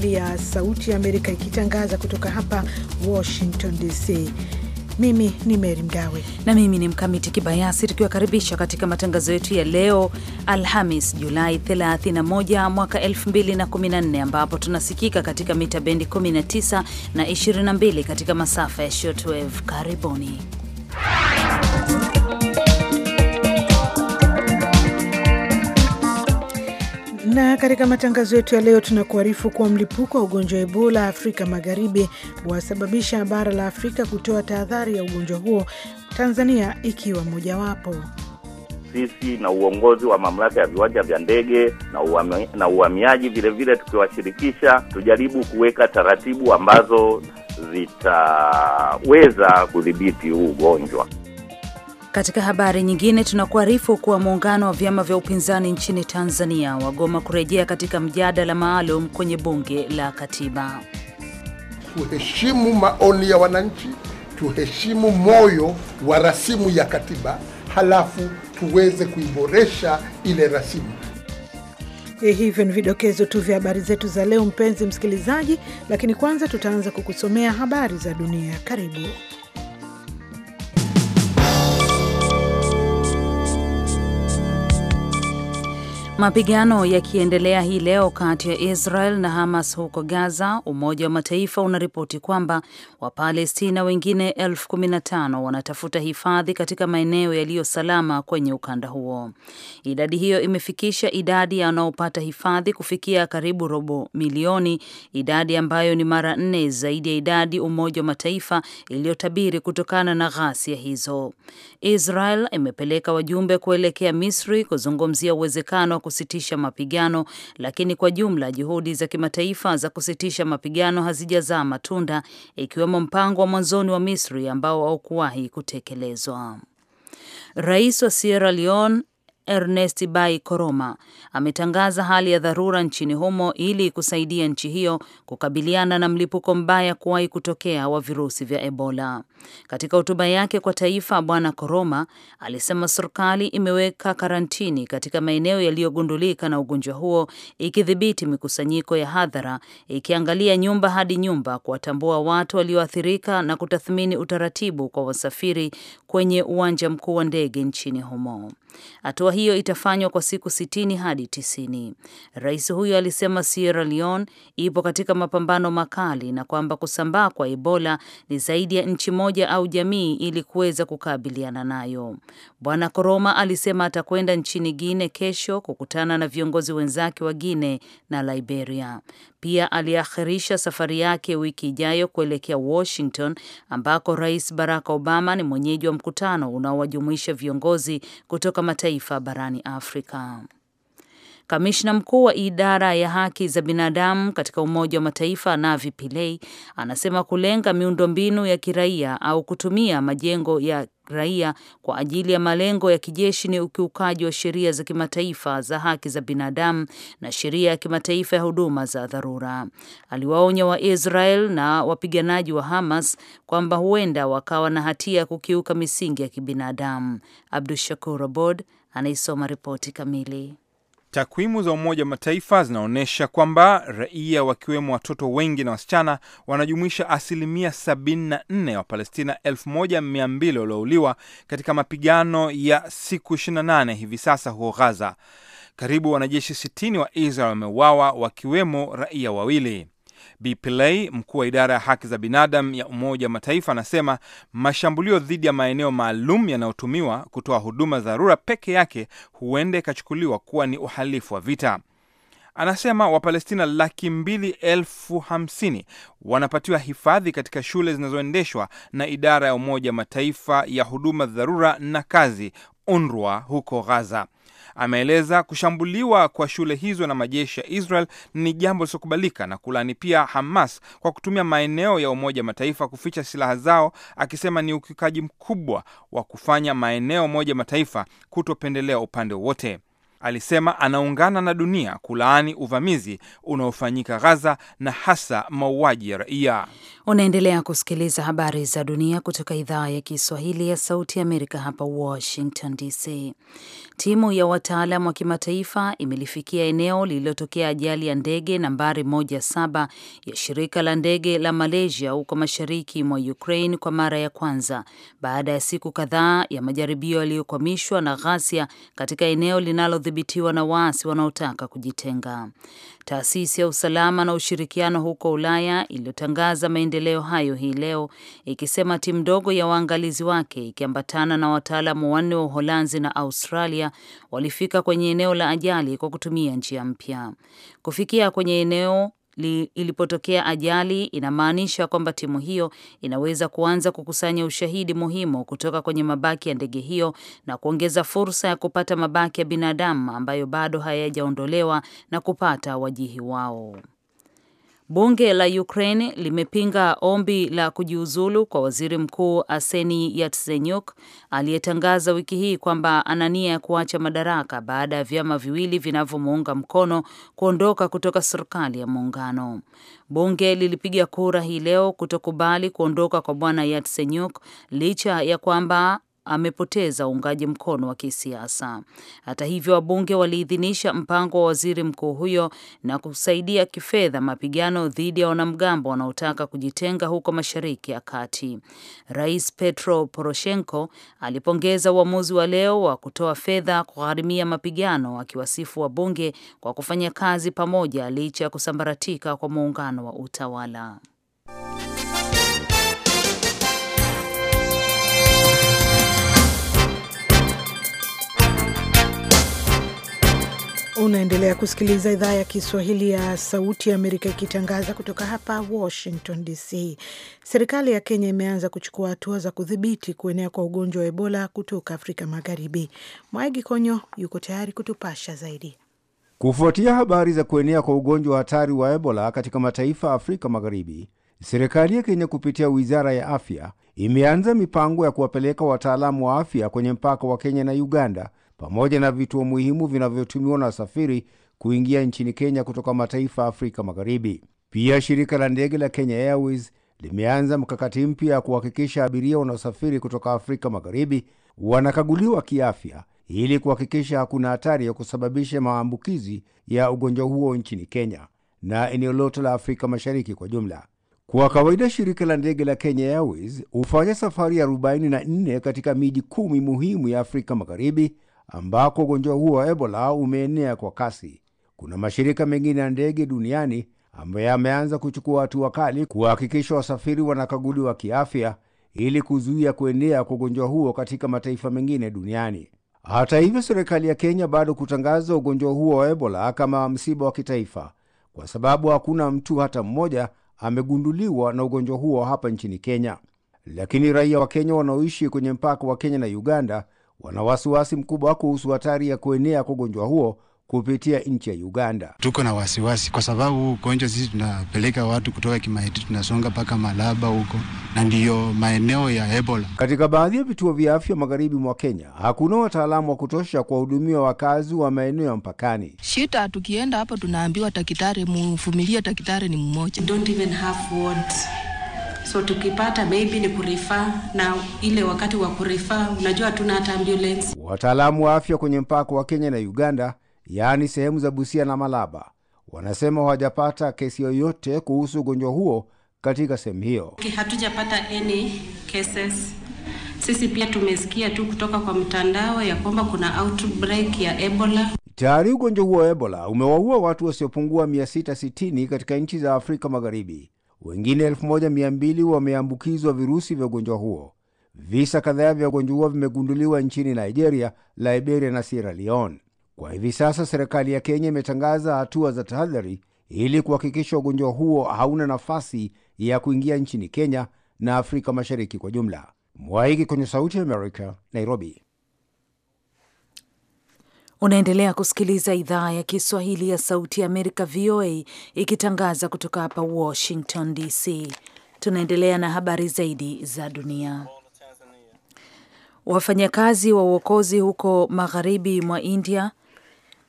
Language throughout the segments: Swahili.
Kiswahili ya Sauti ya Amerika ikitangaza kutoka hapa Washington DC. Mimi ni Meri Mgawe na mimi ni Mkamiti Kibayasi, tukiwakaribisha katika matangazo yetu ya leo Alhamis Julai 31 mwaka 2014, ambapo tunasikika katika mita bendi 19 na 22 katika masafa ya shortwave. Karibuni Na katika matangazo yetu ya leo tunakuarifu kuwa mlipuko wa ugonjwa wa Ebola Afrika Magharibi wasababisha bara la Afrika kutoa tahadhari ya ugonjwa huo, Tanzania ikiwa mojawapo. Sisi na uongozi wa mamlaka ya viwanja vya ndege na uami, na uhamiaji vilevile, tukiwashirikisha tujaribu kuweka taratibu ambazo zitaweza kudhibiti huu ugonjwa. Katika habari nyingine, tunakuarifu kuwa muungano wa vyama vya upinzani nchini Tanzania wagoma kurejea katika mjadala maalum kwenye bunge la katiba. Tuheshimu maoni ya wananchi, tuheshimu moyo wa rasimu ya katiba, halafu tuweze kuiboresha ile rasimu. Eh, hivyo ni vidokezo tu vya habari zetu za leo, mpenzi msikilizaji, lakini kwanza tutaanza kukusomea habari za dunia. Karibu. Mapigano yakiendelea hii leo kati ya Israel na Hamas huko Gaza, Umoja wa Mataifa unaripoti kwamba Wapalestina wengine elfu kumi na tano wanatafuta hifadhi katika maeneo yaliyo salama kwenye ukanda huo. Idadi hiyo imefikisha idadi ya wanaopata hifadhi kufikia karibu robo milioni, idadi ambayo ni mara nne zaidi ya idadi Umoja wa Mataifa iliyotabiri kutokana na ghasia hizo. Israel imepeleka wajumbe kuelekea Misri kuzungumzia uwezekano kusitisha mapigano, lakini kwa jumla juhudi za kimataifa za kusitisha mapigano hazijazaa matunda, ikiwemo mpango wa mwanzoni wa Misri ambao haukuwahi kutekelezwa. Rais wa Sierra Leone Ernest Bai Koroma ametangaza hali ya dharura nchini humo ili kusaidia nchi hiyo kukabiliana na mlipuko mbaya kuwahi kutokea wa virusi vya Ebola. Katika hotuba yake kwa taifa, Bwana Koroma alisema serikali imeweka karantini katika maeneo yaliyogundulika na ugonjwa huo, ikidhibiti mikusanyiko ya hadhara, ikiangalia nyumba hadi nyumba kuwatambua watu walioathirika na kutathmini utaratibu kwa wasafiri kwenye uwanja mkuu wa ndege nchini humo. Hatua hiyo itafanywa kwa siku sitini hadi tisini. Rais huyo alisema Sierra Leone ipo katika mapambano makali na kwamba kusambaa kwa Ebola ni zaidi ya nchi moja au jamii ili kuweza kukabiliana nayo. Bwana Koroma alisema atakwenda nchini Guine kesho kukutana na viongozi wenzake wa Guine na Liberia. Pia aliakhirisha safari yake wiki ijayo kuelekea Washington ambako Rais Barack Obama ni mwenyeji wa mkutano unaowajumuisha viongozi kutoka mataifa barani Afrika. Kamishna mkuu wa idara ya haki za binadamu katika Umoja wa Mataifa Navi Pillay anasema kulenga miundombinu ya kiraia au kutumia majengo ya raia kwa ajili ya malengo ya kijeshi ni ukiukaji wa sheria za kimataifa za haki za binadamu na sheria ya kimataifa ya huduma za dharura. Aliwaonya Waisrael na wapiganaji wa Hamas kwamba huenda wakawa na hatia ya kukiuka misingi ya kibinadamu. Abdu Shakur Abod, anaisoma ripoti kamili. Takwimu za Umoja wa Mataifa zinaonyesha kwamba raia wakiwemo watoto wengi na wasichana wanajumuisha asilimia 74 ya Wapalestina 1200 waliouliwa katika mapigano ya siku 28 hivi sasa huko Gaza. Karibu wanajeshi 60 wa Israel wameuawa wakiwemo raia wawili. Bi mkuu wa idara ya haki za binadamu ya Umoja wa Mataifa, anasema mashambulio dhidi ya maeneo maalum yanayotumiwa kutoa huduma za dharura peke yake huenda ikachukuliwa kuwa ni uhalifu wa vita. Anasema Wapalestina laki mbili elfu hamsini wanapatiwa hifadhi katika shule zinazoendeshwa na idara ya Umoja Mataifa ya huduma dharura na kazi UNRWA huko Gaza. Ameeleza kushambuliwa kwa shule hizo na majeshi ya Israel ni jambo lisiokubalika na kulani pia Hamas kwa kutumia maeneo ya Umoja Mataifa kuficha silaha zao, akisema ni ukiukaji mkubwa wa kufanya maeneo Umoja Mataifa kutopendelea upande wowote. Alisema anaungana na dunia kulaani uvamizi unaofanyika Gaza na hasa mauaji ya raia. Unaendelea kusikiliza habari za dunia kutoka idhaa ya Kiswahili ya Sauti ya Amerika, hapa Washington DC. Timu ya wataalam wa kimataifa imelifikia eneo lililotokea ajali ya ndege nambari 17 ya shirika la ndege la Malaysia huko mashariki mwa Ukraine kwa mara ya kwanza baada ya siku kadhaa ya majaribio yaliyokwamishwa na ghasia katika eneo linalo kudhibitiwa na waasi wanaotaka kujitenga. Taasisi ya usalama na ushirikiano huko Ulaya iliyotangaza maendeleo hayo hii leo ikisema timu ndogo ya waangalizi wake ikiambatana na wataalamu wanne wa Uholanzi na Australia walifika kwenye eneo la ajali kwa kutumia njia mpya. Kufikia kwenye eneo li, ilipotokea ajali inamaanisha kwamba timu hiyo inaweza kuanza kukusanya ushahidi muhimu kutoka kwenye mabaki ya ndege hiyo na kuongeza fursa ya kupata mabaki ya binadamu ambayo bado hayajaondolewa na kupata wajihi wao. Bunge la Ukraine limepinga ombi la kujiuzulu kwa waziri mkuu arseni Yatsenyuk aliyetangaza wiki hii kwamba ana nia ya kuacha madaraka baada ya vyama viwili vinavyomuunga mkono kuondoka kutoka serikali ya muungano. Bunge lilipiga kura hii leo kutokubali kuondoka kwa bwana Yatsenyuk licha ya kwamba amepoteza uungaji mkono wa kisiasa. Hata hivyo, wabunge waliidhinisha mpango wa waziri mkuu huyo na kusaidia kifedha mapigano dhidi ya wanamgambo wanaotaka kujitenga huko Mashariki ya Kati. Rais Petro Poroshenko alipongeza uamuzi wa leo wa kutoa fedha kugharimia mapigano, akiwasifu wabunge kwa kufanya kazi pamoja licha ya kusambaratika kwa muungano wa utawala. Unaendelea kusikiliza idhaa ya Kiswahili ya Sauti ya Amerika ikitangaza kutoka hapa Washington DC. Serikali ya Kenya imeanza kuchukua hatua za kudhibiti kuenea kwa ugonjwa wa Ebola kutoka Afrika Magharibi. Mwaegi Konyo yuko tayari kutupasha zaidi. Kufuatia habari za kuenea kwa ugonjwa wa hatari wa Ebola katika mataifa ya Afrika Magharibi, serikali ya Kenya kupitia wizara ya afya imeanza mipango ya kuwapeleka wataalamu wa afya kwenye mpaka wa Kenya na Uganda pamoja na vituo muhimu vinavyotumiwa na wasafiri kuingia nchini Kenya kutoka mataifa ya Afrika Magharibi. Pia shirika la ndege la Kenya Airways limeanza mkakati mpya ya kuhakikisha abiria wanaosafiri kutoka Afrika Magharibi wanakaguliwa kiafya ili kuhakikisha hakuna hatari ya kusababisha maambukizi ya ugonjwa huo nchini Kenya na eneo lote la Afrika Mashariki kwa jumla. Kwa kawaida shirika la ndege la Kenya Airways hufanya safari 44 katika miji kumi muhimu ya Afrika Magharibi ambako ugonjwa huo wa Ebola umeenea kwa kasi. Kuna mashirika mengine ya ndege duniani ambayo yameanza kuchukua hatua kali kuhakikisha wasafiri wanakaguliwa kiafya ili kuzuia kuenea kwa ugonjwa huo katika mataifa mengine duniani. Hata hivyo, serikali ya Kenya bado kutangaza ugonjwa huo wa Ebola kama msiba wa kitaifa kwa sababu hakuna mtu hata mmoja amegunduliwa na ugonjwa huo hapa nchini Kenya. Lakini raia wa Kenya wanaoishi kwenye mpaka wa Kenya na Uganda wana wasiwasi mkubwa kuhusu hatari ya kuenea kwa ugonjwa huo kupitia nchi ya Uganda. Tuko na wasiwasi kwa sababu ugonjwa sisi tunapeleka watu kutoka Kimaiti, tunasonga mpaka Malaba huko na ndiyo maeneo ya Ebola. Katika baadhi ya vituo vya afya magharibi mwa Kenya hakuna wataalamu wa kutosha kuwahudumia wakazi wa maeneo ya mpakani. Shita, tukienda hapo tunaambiwa takitari, muvumilie, takitari ni mmoja. Don't even have so tukipata maybe ni kurifa na ile wakati wa kurifa unajua hatuna hata ambulance. Wataalamu wa afya kwenye mpaka wa Kenya na Uganda, yaani sehemu za Busia na Malaba, wanasema hawajapata kesi yoyote kuhusu ugonjwa huo katika sehemu hiyo. Hatujapata any cases. Sisi pia tumesikia tu kutoka kwa mtandao ya kwamba kuna outbreak ya Ebola. Tayari ugonjwa huo wa Ebola umewaua watu wasiopungua 660 katika nchi za Afrika Magharibi wengine 1200 wameambukizwa virusi vya ugonjwa huo. Visa kadhaa vya ugonjwa huo vimegunduliwa nchini Nigeria, Liberia na Sierra Leone. Kwa hivi sasa serikali ya Kenya imetangaza hatua za tahadhari ili kuhakikisha ugonjwa huo hauna nafasi ya kuingia nchini Kenya na Afrika Mashariki kwa jumla. Mwaiki kwenye Sauti ya Amerika, Nairobi. Unaendelea kusikiliza idhaa ya Kiswahili ya Sauti ya Amerika, VOA, ikitangaza kutoka hapa Washington DC. Tunaendelea na habari zaidi za dunia. Wafanyakazi wa uokozi huko magharibi mwa India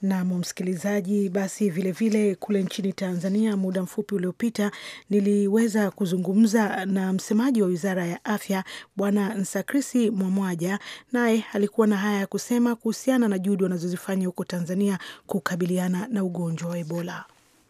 Nam msikilizaji, basi vilevile vile kule nchini Tanzania, muda mfupi uliopita niliweza kuzungumza na msemaji wa wizara ya afya Bwana Nsakrisi Mwamwaja, naye alikuwa na haya ya kusema kuhusiana na juhudi wanazozifanya huko Tanzania kukabiliana na ugonjwa wa Ebola.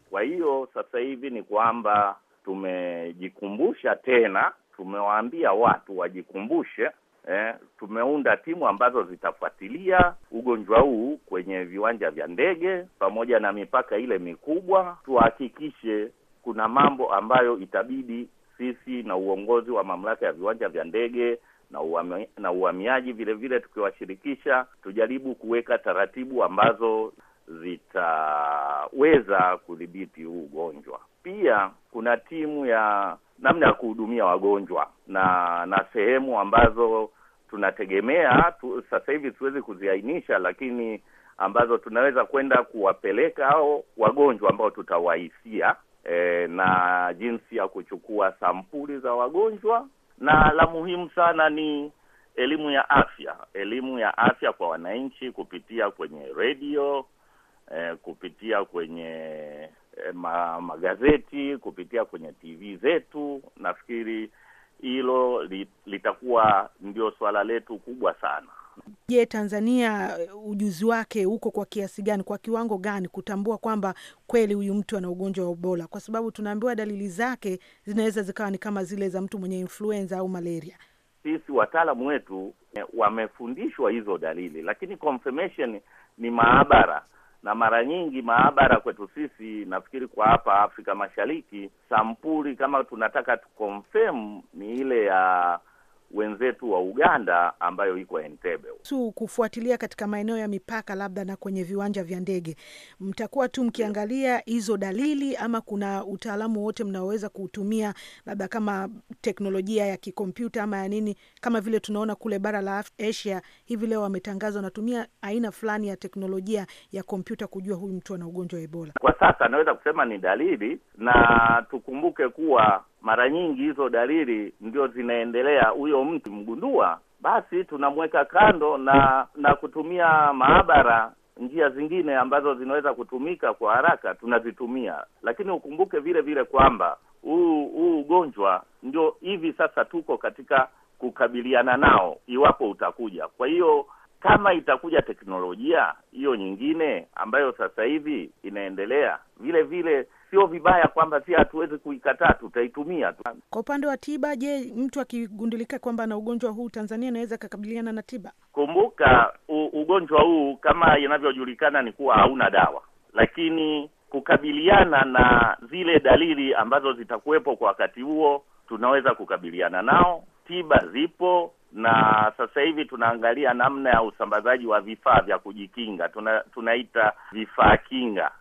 Kwa hiyo sasa hivi ni kwamba tumejikumbusha tena, tumewaambia watu wajikumbushe eh, tumeunda timu ambazo zitafuatilia ugonjwa huu kwenye viwanja vya ndege pamoja na mipaka ile mikubwa, tuhakikishe kuna mambo ambayo itabidi sisi na uongozi wa mamlaka ya viwanja vya ndege na na uhamiaji vile vile tukiwashirikisha, tujaribu kuweka taratibu ambazo zitaweza kudhibiti huu ugonjwa. Pia kuna timu ya namna ya kuhudumia wagonjwa na na sehemu ambazo tunategemea tu, sasa hivi siwezi kuziainisha, lakini ambazo tunaweza kwenda kuwapeleka au wagonjwa ambao tutawahisia e, na jinsi ya kuchukua sampuli za wagonjwa, na la muhimu sana ni elimu ya afya, elimu ya afya kwa wananchi kupitia kwenye redio e, kupitia kwenye e, ma, magazeti, kupitia kwenye TV zetu nafikiri hilo litakuwa ndio suala letu kubwa sana. Je, Tanzania eh, ujuzi wake uko kwa kiasi gani, kwa kiwango gani kutambua kwamba kweli huyu mtu ana ugonjwa wa Ebola? Kwa sababu tunaambiwa dalili zake zinaweza zikawa ni kama zile za mtu mwenye influenza au malaria. Sisi wataalamu wetu eh, wamefundishwa hizo dalili, lakini confirmation ni maabara na mara nyingi maabara kwetu sisi, nafikiri kwa hapa Afrika Mashariki, sampuli kama tunataka tukonfirm ni ile ya wenzetu wa Uganda ambayo iko Entebbe. su kufuatilia katika maeneo ya mipaka labda na kwenye viwanja vya ndege, mtakuwa tu mkiangalia hizo dalili, ama kuna utaalamu wote mnaoweza kuutumia labda kama teknolojia ya kikompyuta ama ya nini, kama vile tunaona kule bara la Asia hivi leo wametangaza wanatumia aina fulani ya teknolojia ya kompyuta kujua huyu mtu ana ugonjwa wa Ebola. Kwa sasa naweza kusema ni dalili, na tukumbuke kuwa mara nyingi hizo dalili ndio zinaendelea, huyo mtu mgundua, basi tunamweka kando na na kutumia maabara njia zingine ambazo zinaweza kutumika kwa haraka tunazitumia, lakini ukumbuke vile vile kwamba huu huu ugonjwa ndio hivi sasa tuko katika kukabiliana nao, iwapo utakuja. Kwa hiyo kama itakuja teknolojia hiyo nyingine ambayo sasa hivi inaendelea vile vile, sio vibaya kwamba si hatuwezi kuikataa, tutaitumia tu. Kwa upande wa tiba, je, mtu akigundulika kwamba ana ugonjwa huu Tanzania anaweza akakabiliana na tiba? Kumbuka u, ugonjwa huu kama inavyojulikana ni kuwa hauna dawa, lakini kukabiliana na zile dalili ambazo zitakuwepo kwa wakati huo tunaweza kukabiliana nao. Tiba zipo na sasa hivi tunaangalia namna ya usambazaji wa vifaa vya kujikinga tuna, tunaita vifaa kinga.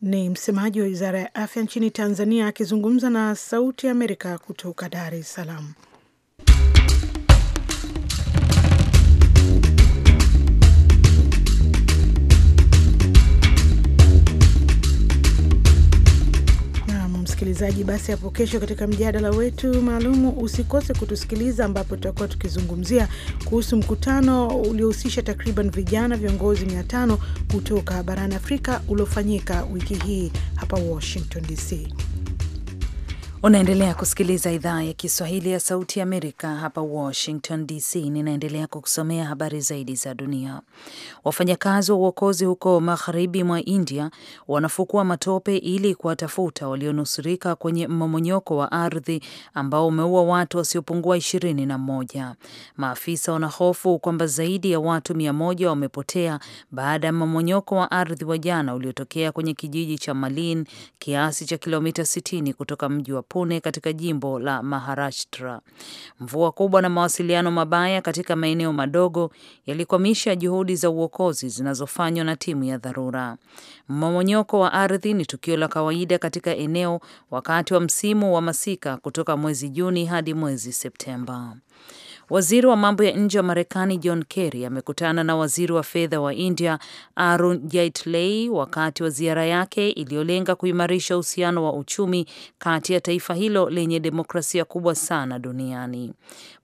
Ni msemaji wa Wizara ya Afya nchini Tanzania akizungumza na Sauti ya Amerika kutoka Dar es Salaam. msikilizaji, basi hapo kesho katika mjadala wetu maalumu usikose kutusikiliza, ambapo tutakuwa tukizungumzia kuhusu mkutano uliohusisha takriban vijana viongozi mia tano kutoka barani Afrika uliofanyika wiki hii hapa Washington DC. Unaendelea kusikiliza idhaa ya Kiswahili ya Sauti ya Amerika hapa Washington DC. Ninaendelea kukusomea habari zaidi za dunia. Wafanyakazi wa uokozi huko magharibi mwa India wanafukua matope ili kuwatafuta walionusurika kwenye mmomonyoko wa ardhi ambao umeua watu wasiopungua ishirini na mmoja. Maafisa wanahofu kwamba zaidi ya watu mia moja wamepotea baada ya mmomonyoko wa ardhi wa jana uliotokea kwenye kijiji cha Malin, kiasi cha kilomita 60 kutoka mji wa Pune katika jimbo la Maharashtra. Mvua kubwa na mawasiliano mabaya katika maeneo madogo yalikwamisha juhudi za uokozi zinazofanywa na timu ya dharura. Mmomonyoko wa ardhi ni tukio la kawaida katika eneo wakati wa msimu wa masika kutoka mwezi Juni hadi mwezi Septemba. Waziri wa mambo ya nje wa Marekani John Kerry amekutana na waziri wa fedha wa India Arun Jaitley wakati wa ziara yake iliyolenga kuimarisha uhusiano wa uchumi kati ya taifa hilo lenye demokrasia kubwa sana duniani.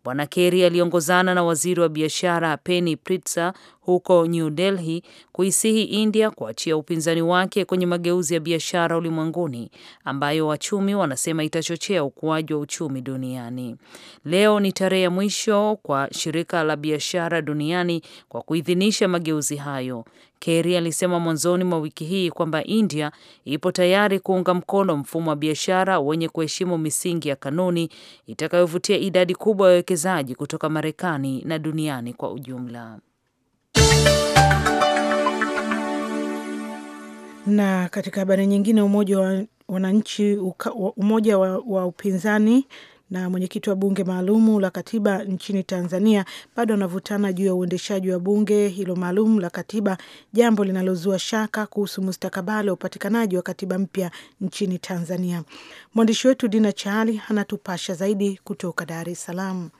Bwana Kerry aliongozana na waziri wa biashara Penny Pritzker huko New Delhi kuisihi India kuachia upinzani wake kwenye mageuzi ya biashara ulimwenguni ambayo wachumi wanasema itachochea ukuaji wa uchumi duniani. Leo ni tarehe ya mwisho kwa shirika la biashara duniani kwa kuidhinisha mageuzi hayo. Kerry alisema mwanzoni mwa wiki hii kwamba India ipo tayari kuunga mkono mfumo wa biashara wenye kuheshimu misingi ya kanuni itakayovutia idadi kubwa ya wawekezaji kutoka Marekani na duniani kwa ujumla. Na katika habari nyingine, umoja wa wananchi umoja wa, wa upinzani na mwenyekiti wa bunge maalum la katiba nchini Tanzania bado wanavutana juu ya uendeshaji wa bunge hilo maalum la katiba, jambo linalozua shaka kuhusu mustakabali wa upatikanaji wa katiba mpya nchini Tanzania. Mwandishi wetu Dina chaali anatupasha zaidi kutoka Dar es Salaam.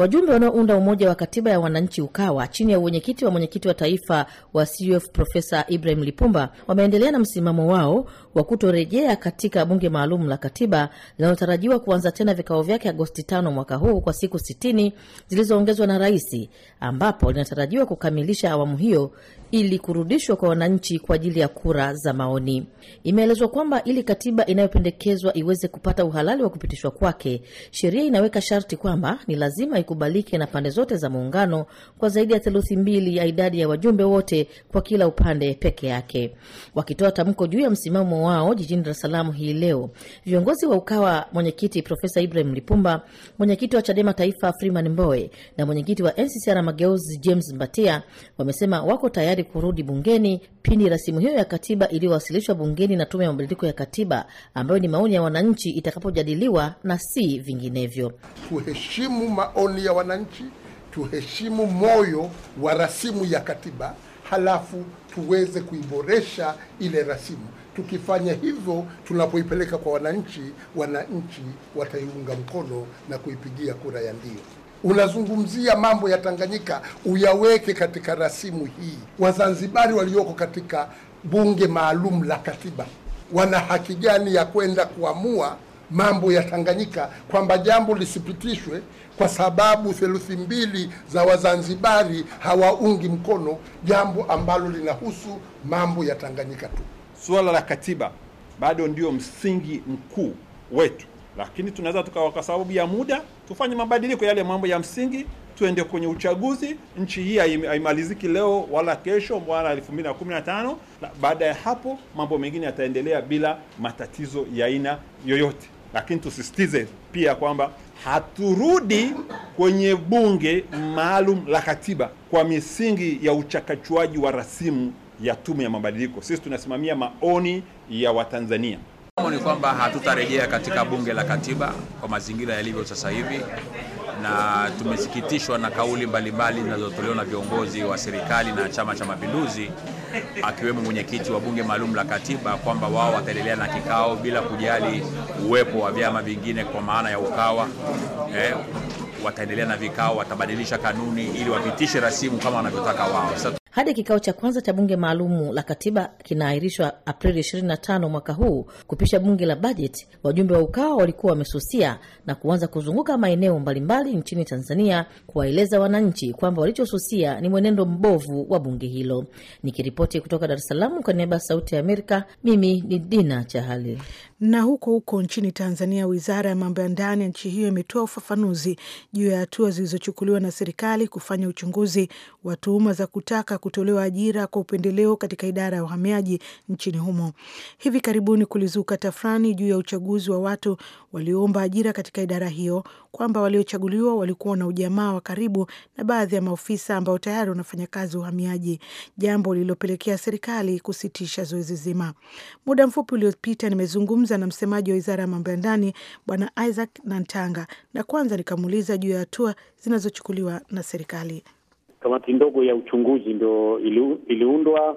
Wajumbe wanaounda umoja wa katiba ya wananchi Ukawa chini ya uwenyekiti wa mwenyekiti wa taifa wa CUF Profesa Ibrahim Lipumba wameendelea na msimamo wao wa kutorejea katika bunge maalum la katiba linalotarajiwa kuanza tena vikao vyake Agosti tano mwaka huu kwa siku sitini zilizoongezwa na rais, ambapo linatarajiwa kukamilisha awamu hiyo ili kurudishwa kwa wananchi kwa ajili ya kura za maoni. Imeelezwa kwamba ili katiba inayopendekezwa iweze kupata uhalali wa kupitishwa kwake, sheria inaweka sharti kwamba ni lazima ikubalike na pande zote za muungano kwa zaidi ya theluthi mbili ya idadi ya wajumbe wote kwa kila upande peke yake. Wakitoa tamko juu ya msimamo wao jijini Dar es Salaam hii leo, viongozi wa UKAWA, mwenyekiti Profesa Ibrahim Lipumba, mwenyekiti wa CHADEMA Taifa Freeman Mbowe na mwenyekiti wa NCCR Mageuzi James Mbatia, wamesema wako tayari tayari kurudi bungeni pindi rasimu hiyo ya katiba iliyowasilishwa bungeni na Tume ya Mabadiliko ya Katiba, ambayo ni maoni ya wananchi, itakapojadiliwa na si vinginevyo. Tuheshimu maoni ya wananchi, tuheshimu moyo wa rasimu ya katiba, halafu tuweze kuiboresha ile rasimu. Tukifanya hivyo, tunapoipeleka kwa wananchi, wananchi wataiunga mkono na kuipigia kura ya ndio unazungumzia mambo ya Tanganyika uyaweke katika rasimu hii. Wazanzibari walioko katika bunge maalum la katiba wana haki gani ya kwenda kuamua mambo ya Tanganyika kwamba jambo lisipitishwe kwa sababu theluthi mbili za Wazanzibari hawaungi mkono jambo ambalo linahusu mambo ya Tanganyika tu. Suala la katiba bado ndio msingi mkuu wetu lakini tunaweza tukawa kwa sababu ya muda tufanye mabadiliko yale mambo ya msingi, tuende kwenye uchaguzi. Nchi hii haimaliziki leo wala kesho wala 2015 baada ya hapo mambo mengine yataendelea bila matatizo ya aina yoyote, lakini tusisitize pia kwamba haturudi kwenye bunge maalum la katiba kwa misingi ya uchakachuaji wa rasimu ya tume ya mabadiliko. Sisi tunasimamia maoni ya Watanzania. Ni kwamba hatutarejea katika bunge la katiba kwa mazingira yalivyo sasa hivi, na tumesikitishwa na kauli mbalimbali zinazotolewa na viongozi wa serikali na Chama cha Mapinduzi, akiwemo mwenyekiti wa bunge maalum la katiba kwamba wao wataendelea na kikao bila kujali uwepo wa vyama vingine kwa maana ya Ukawa eh, wataendelea na vikao, watabadilisha kanuni ili wapitishe rasimu kama wanavyotaka wao hadi kikao cha kwanza cha bunge maalumu la katiba kinaahirishwa Aprili 25 mwaka huu kupisha bunge la bajeti, wajumbe wa Ukawa walikuwa wamesusia na kuanza kuzunguka maeneo mbalimbali nchini Tanzania kuwaeleza wananchi kwamba walichosusia ni mwenendo mbovu wa bunge hilo. Nikiripoti kutoka Dar es Salaam kwa niaba ya Sauti ya Amerika, mimi ni Dina Chahali. Na huko huko nchini Tanzania, wizara ya mambo ya ndani ya nchi hiyo imetoa ufafanuzi juu ya hatua zilizochukuliwa na serikali kufanya uchunguzi wa tuhuma za kutaka kutolewa ajira kwa upendeleo katika idara ya uhamiaji nchini humo. Hivi karibuni kulizuka tafrani juu ya uchaguzi wa watu walioomba ajira katika idara hiyo, kwamba waliochaguliwa walikuwa na ujamaa wa karibu na baadhi ya maofisa ambao tayari wanafanya kazi uhamiaji, jambo lililopelekea serikali kusitisha zoezi zima. Muda mfupi uliopita nimezungumza Nilizungumza na msemaji wa wizara ya mambo ya ndani Bwana Isaac Nantanga, na kwanza nikamuuliza juu ya hatua zinazochukuliwa na serikali. Kamati ndogo ya uchunguzi ndo iliundwa,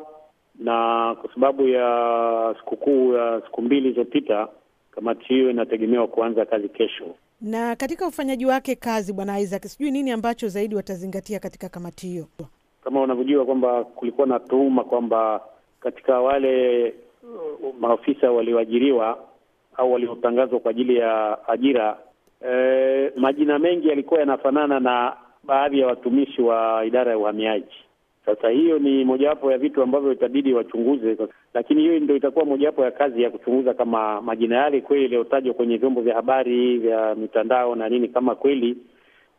na kwa sababu ya sikukuu ya siku mbili ilizopita, kamati hiyo inategemewa kuanza kazi kesho. Na katika ufanyaji wake kazi, Bwana Isaac, sijui nini ambacho zaidi watazingatia katika kamati hiyo? Kama unavyojua kwamba kulikuwa na tuhuma kwamba katika wale Uh, maafisa walioajiriwa au waliotangazwa kwa ajili ya ajira e, majina mengi yalikuwa yanafanana na baadhi ya watumishi wa idara ya uhamiaji. Sasa hiyo ni mojawapo ya vitu ambavyo itabidi wachunguze, lakini hiyo ndio itakuwa mojawapo ya kazi ya kuchunguza kama majina yale kweli yaliyotajwa kwenye vyombo vya habari vya mitandao na nini, kama kweli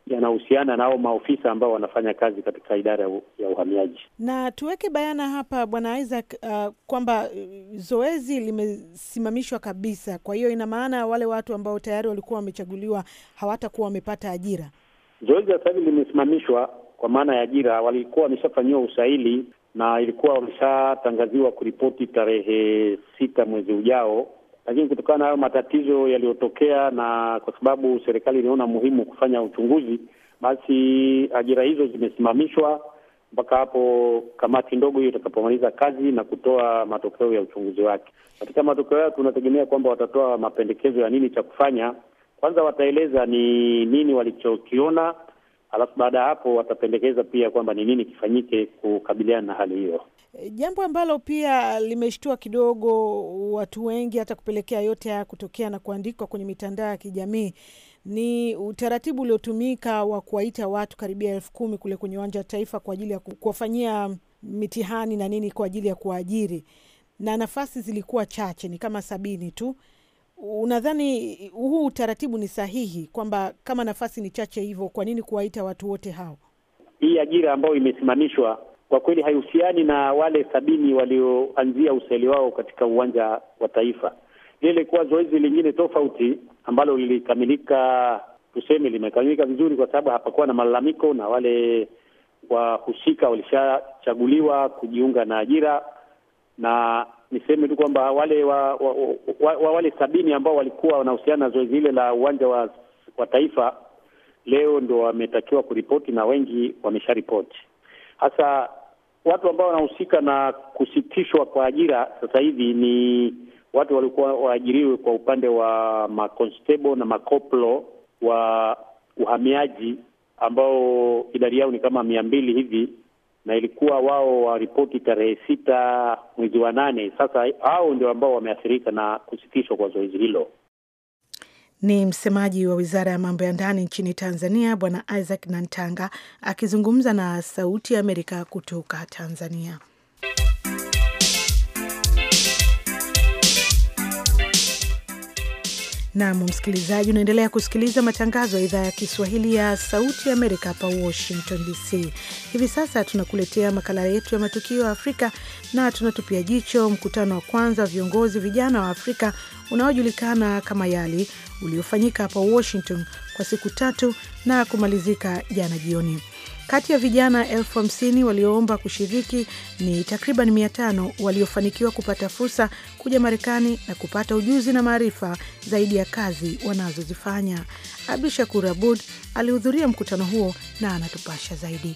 yanahusiana nao maofisa ambao wanafanya kazi katika idara ya uhamiaji. Na tuweke bayana hapa, Bwana Isaac, uh, kwamba uh, zoezi limesimamishwa kabisa. Kwa hiyo ina maana wale watu ambao tayari walikuwa wamechaguliwa hawatakuwa wamepata ajira. Zoezi sasa hivi limesimamishwa kwa maana ya ajira, walikuwa wameshafanyiwa usaili na ilikuwa wameshatangaziwa kuripoti tarehe sita mwezi ujao lakini kutokana na hayo matatizo yaliyotokea, na kwa sababu serikali iliona muhimu kufanya uchunguzi, basi ajira hizo zimesimamishwa mpaka hapo kamati ndogo hiyo itakapomaliza kazi na kutoa matokeo ya uchunguzi wake. Katika matokeo hayo, tunategemea kwamba watatoa mapendekezo ya nini cha kufanya. Kwanza wataeleza ni nini walichokiona alafu baada ya hapo watapendekeza pia kwamba ni nini kifanyike kukabiliana na hali hiyo, jambo ambalo pia limeshtua kidogo watu wengi, hata kupelekea yote haya kutokea na kuandikwa kwenye mitandao ya kijamii ni utaratibu uliotumika wa kuwaita watu karibia elfu kumi kule kwenye uwanja wa Taifa kwa ajili ya kuwafanyia mitihani na nini kwa ajili ya kuwaajiri, na nafasi zilikuwa chache, ni kama sabini tu, unadhani huu utaratibu ni sahihi, kwamba kama nafasi ni chache hivyo, kwa nini kuwaita watu wote hao? Hii ajira ambayo imesimamishwa kwa kweli haihusiani na wale sabini walioanzia usaili wao katika uwanja wa taifa. Hili lilikuwa zoezi lingine tofauti ambalo lilikamilika, tuseme limekamilika vizuri, kwa sababu hapakuwa na malalamiko na wale wahusika walishachaguliwa kujiunga na ajira na niseme tu kwamba wale wa, wa, wa, wa wale sabini ambao walikuwa wanahusiana na zoezi hile la uwanja wa, wa Taifa leo ndo wametakiwa kuripoti na wengi wamesharipoti. Hasa watu ambao wanahusika na kusitishwa kwa ajira sasa hivi ni watu walikuwa waajiriwe kwa upande wa makonstebo na makoplo wa uhamiaji ambao idadi yao ni kama mia mbili hivi na ilikuwa wao waripoti tarehe sita mwezi wa nane. Sasa hao ndio ambao wameathirika na kusitishwa kwa zoezi hilo. Ni msemaji wa wizara ya mambo ya ndani nchini Tanzania, Bwana Isaac Nantanga akizungumza na Sauti ya Amerika kutoka Tanzania. Nam msikilizaji, unaendelea kusikiliza matangazo ya idhaa ya Kiswahili ya Sauti ya Amerika hapa Washington DC. Hivi sasa tunakuletea makala yetu ya matukio ya Afrika na tunatupia jicho mkutano wa kwanza wa viongozi vijana wa Afrika unaojulikana kama YALI uliofanyika hapa Washington kwa siku tatu na kumalizika jana jioni. Kati ya vijana elfu hamsini walioomba kushiriki ni takriban mia tano waliofanikiwa kupata fursa kuja Marekani na kupata ujuzi na maarifa zaidi ya kazi wanazozifanya. Abdu Shakur Abud alihudhuria mkutano huo na anatupasha zaidi.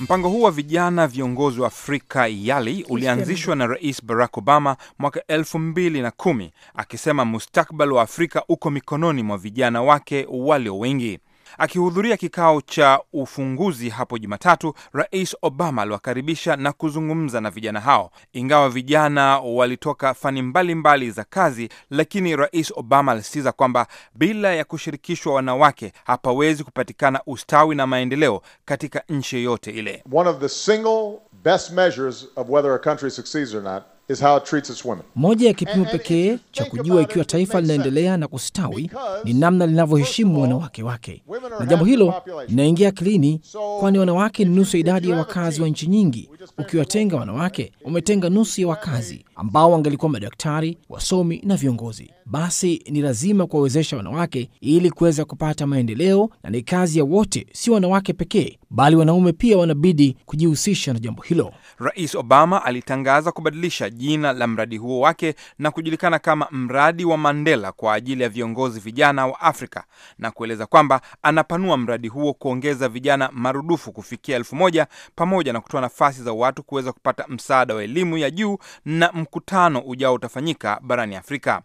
Mpango huu wa vijana viongozi wa Afrika YALI ulianzishwa na Rais Barack Obama mwaka elfu mbili na kumi akisema mustakbal wa Afrika uko mikononi mwa vijana wake walio wengi. Akihudhuria kikao cha ufunguzi hapo Jumatatu, Rais Obama aliwakaribisha na kuzungumza na vijana hao. Ingawa vijana walitoka fani mbalimbali mbali za kazi, lakini Rais Obama alisisitiza kwamba bila ya kushirikishwa wanawake hapawezi kupatikana ustawi na maendeleo katika nchi yoyote ile. One of the single best measures of whether a country succeeds or not Is how it treats its women. Moja ya kipimo pekee cha kujua ikiwa taifa linaendelea na kustawi ni namna linavyoheshimu wanawake wake, na jambo hilo linaingia akilini, kwani wanawake ni nusu ya idadi ya wakazi wa nchi nyingi. Ukiwatenga wanawake, umetenga nusu ya wakazi ambao wangelikuwa madaktari, wasomi na viongozi. Basi ni lazima kuwawezesha wanawake ili kuweza kupata maendeleo, na ni kazi ya wote, si wanawake pekee, bali wanaume pia wanabidi kujihusisha na jambo hilo. Rais Obama alitangaza kubadilisha jina la mradi huo wake na kujulikana kama mradi wa Mandela kwa ajili ya viongozi vijana wa Afrika na kueleza kwamba anapanua mradi huo kuongeza vijana marudufu kufikia elfu moja pamoja na kutoa nafasi za watu kuweza kupata msaada wa elimu ya juu na mkutano ujao utafanyika barani Afrika.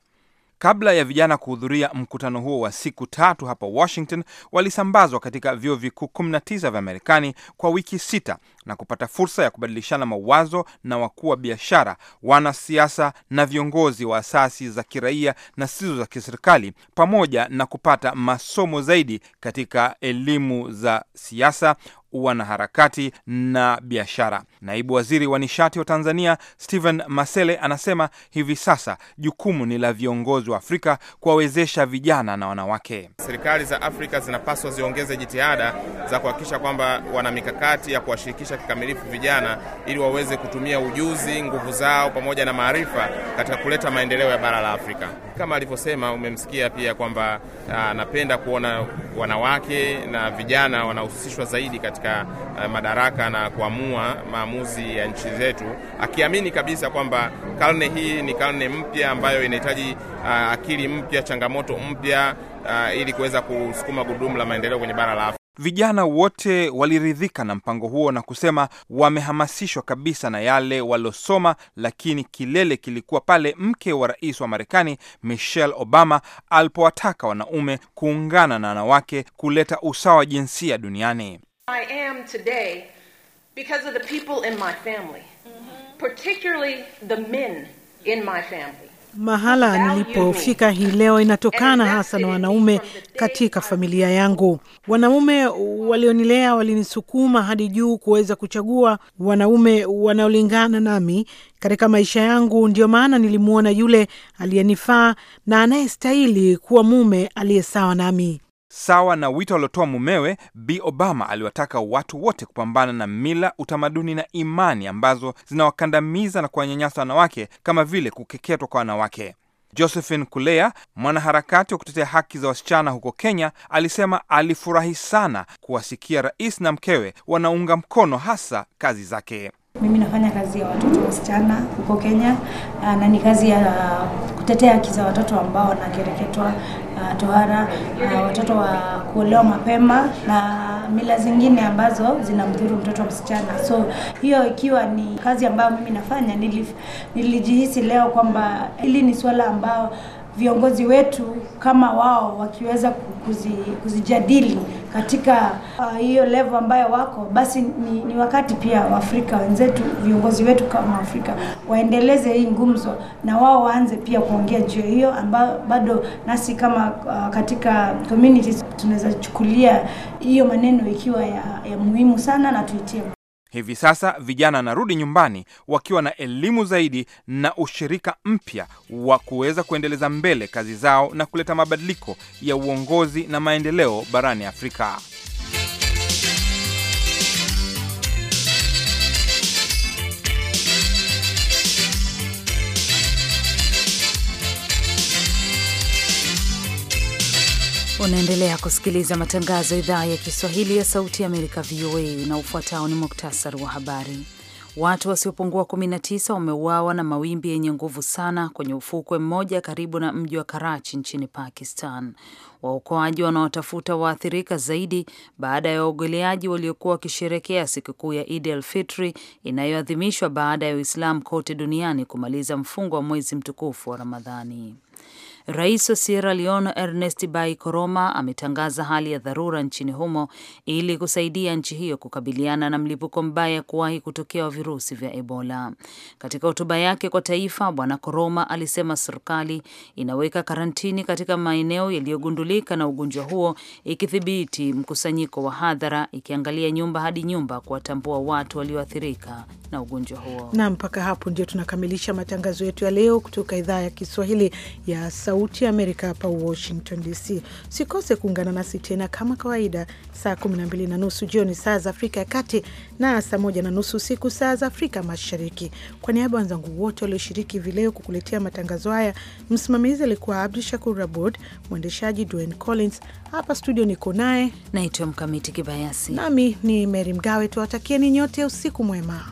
Kabla ya vijana kuhudhuria mkutano huo wa siku tatu hapa Washington, walisambazwa katika vyuo vikuu 19 vya Marekani kwa wiki sita na kupata fursa ya kubadilishana mawazo na wakuu wa biashara, wanasiasa na viongozi wa asasi za kiraia na sizo za kiserikali, pamoja na kupata masomo zaidi katika elimu za siasa wanaharakati na biashara. Naibu waziri wa nishati wa Tanzania Stephen Masele anasema hivi sasa jukumu ni la viongozi wa Afrika kuwawezesha vijana na wanawake. Serikali za Afrika zinapaswa ziongeze jitihada za kuhakikisha kwamba wana mikakati ya kuwashirikisha kikamilifu vijana ili waweze kutumia ujuzi, nguvu zao pamoja na maarifa katika kuleta maendeleo ya bara la Afrika. Kama alivyosema, umemsikia pia kwamba anapenda ah, kuona wanawake na vijana wanahusishwa zaidi katika a, ah, madaraka na kuamua maamuzi ya nchi zetu, akiamini kabisa kwamba karne hii ni karne mpya ambayo inahitaji ah, akili mpya, changamoto mpya, ili kuweza kusukuma gurudumu la maendeleo kwenye bara la Afrika. Vijana wote waliridhika na mpango huo na kusema wamehamasishwa kabisa na yale waliosoma, lakini kilele kilikuwa pale mke wa rais wa Marekani Michelle Obama alipowataka wanaume kuungana na wanawake kuleta usawa wa jinsia duniani. I am today because of the people in my family, mm-hmm. particularly the men in my family. Mahala nilipofika hii leo inatokana hasa na wanaume katika familia yangu. Wanaume walionilea walinisukuma hadi juu kuweza kuchagua wanaume wanaolingana nami katika maisha yangu. ndio maana nilimwona yule aliyenifaa na anayestahili kuwa mume aliye sawa nami. Sawa na wito aliotoa mumewe, b Obama aliwataka watu wote kupambana na mila, utamaduni na imani ambazo zinawakandamiza na kuwanyanyasa wanawake kama vile kukeketwa kwa wanawake. Josephine Kulea, mwanaharakati wa kutetea haki za wasichana huko Kenya, alisema alifurahi sana kuwasikia rais na mkewe wanaunga mkono hasa kazi zake. Mimi nafanya kazi ya watoto wasichana huko Kenya na ni kazi ya kutetea haki za watoto ambao wanakereketwa tohara uh, watoto wa kuolewa mapema na mila zingine ambazo zinamdhuru mtoto msichana. So hiyo ikiwa ni kazi ambayo mimi nafanya, nilijihisi leo kwamba hili ni swala ambao viongozi wetu kama wao wakiweza kuzijadili katika uh, hiyo uh, level ambayo wako basi, ni, ni wakati pia Waafrika wenzetu, viongozi wetu kama Waafrika waendeleze hii ngumzo na wao waanze pia kuongea juu hiyo, ambayo bado nasi kama uh, katika communities tunaweza chukulia hiyo maneno ikiwa ya, ya muhimu sana na tuitie Hivi sasa vijana wanarudi nyumbani wakiwa na elimu zaidi na ushirika mpya wa kuweza kuendeleza mbele kazi zao na kuleta mabadiliko ya uongozi na maendeleo barani Afrika. Unaendelea kusikiliza matangazo ya idhaa ya Kiswahili ya Sauti ya Amerika, VOA, na ufuatao ni muktasari wa habari. Watu wasiopungua 19 wameuawa na mawimbi yenye nguvu sana kwenye ufukwe mmoja karibu na mji wa Karachi nchini Pakistan. Waokoaji wanaotafuta waathirika zaidi baada ya waogeleaji waliokuwa wakisherekea sikukuu ya Idi el Fitri inayoadhimishwa baada ya Uislamu kote duniani kumaliza mfungo wa mwezi mtukufu wa Ramadhani. Rais wa Sierra Leone Ernest Bai Koroma ametangaza hali ya dharura nchini humo ili kusaidia nchi hiyo kukabiliana na mlipuko mbaya kuwahi kutokea wa virusi vya Ebola. Katika hotuba yake kwa taifa, Bwana Koroma alisema serikali inaweka karantini katika maeneo yaliyogundulika na ugonjwa huo, ikidhibiti mkusanyiko wa hadhara, ikiangalia nyumba hadi nyumba kuwatambua watu walioathirika na ugonjwa huo. Na mpaka hapo ndio tunakamilisha matangazo yetu ya leo kutoka idhaa ya Kiswahili ya Sau Sauti ya Amerika hapa Washington DC. Sikose kuungana nasi tena kama kawaida saa 12 na nusu jioni saa za Afrika ya Kati na saa moja na nusu usiku saa za Afrika Mashariki. Kwa niaba ya wenzangu wote walioshiriki vileo kukuletea matangazo haya, msimamizi alikuwa Abdu Shakur Abud, mwendeshaji Dwayne Collins. Hapa studio niko naye naitwa Mkamiti Kibayasi, nami ni Meri Mgawe. Tuwatakieni nyote usiku mwema.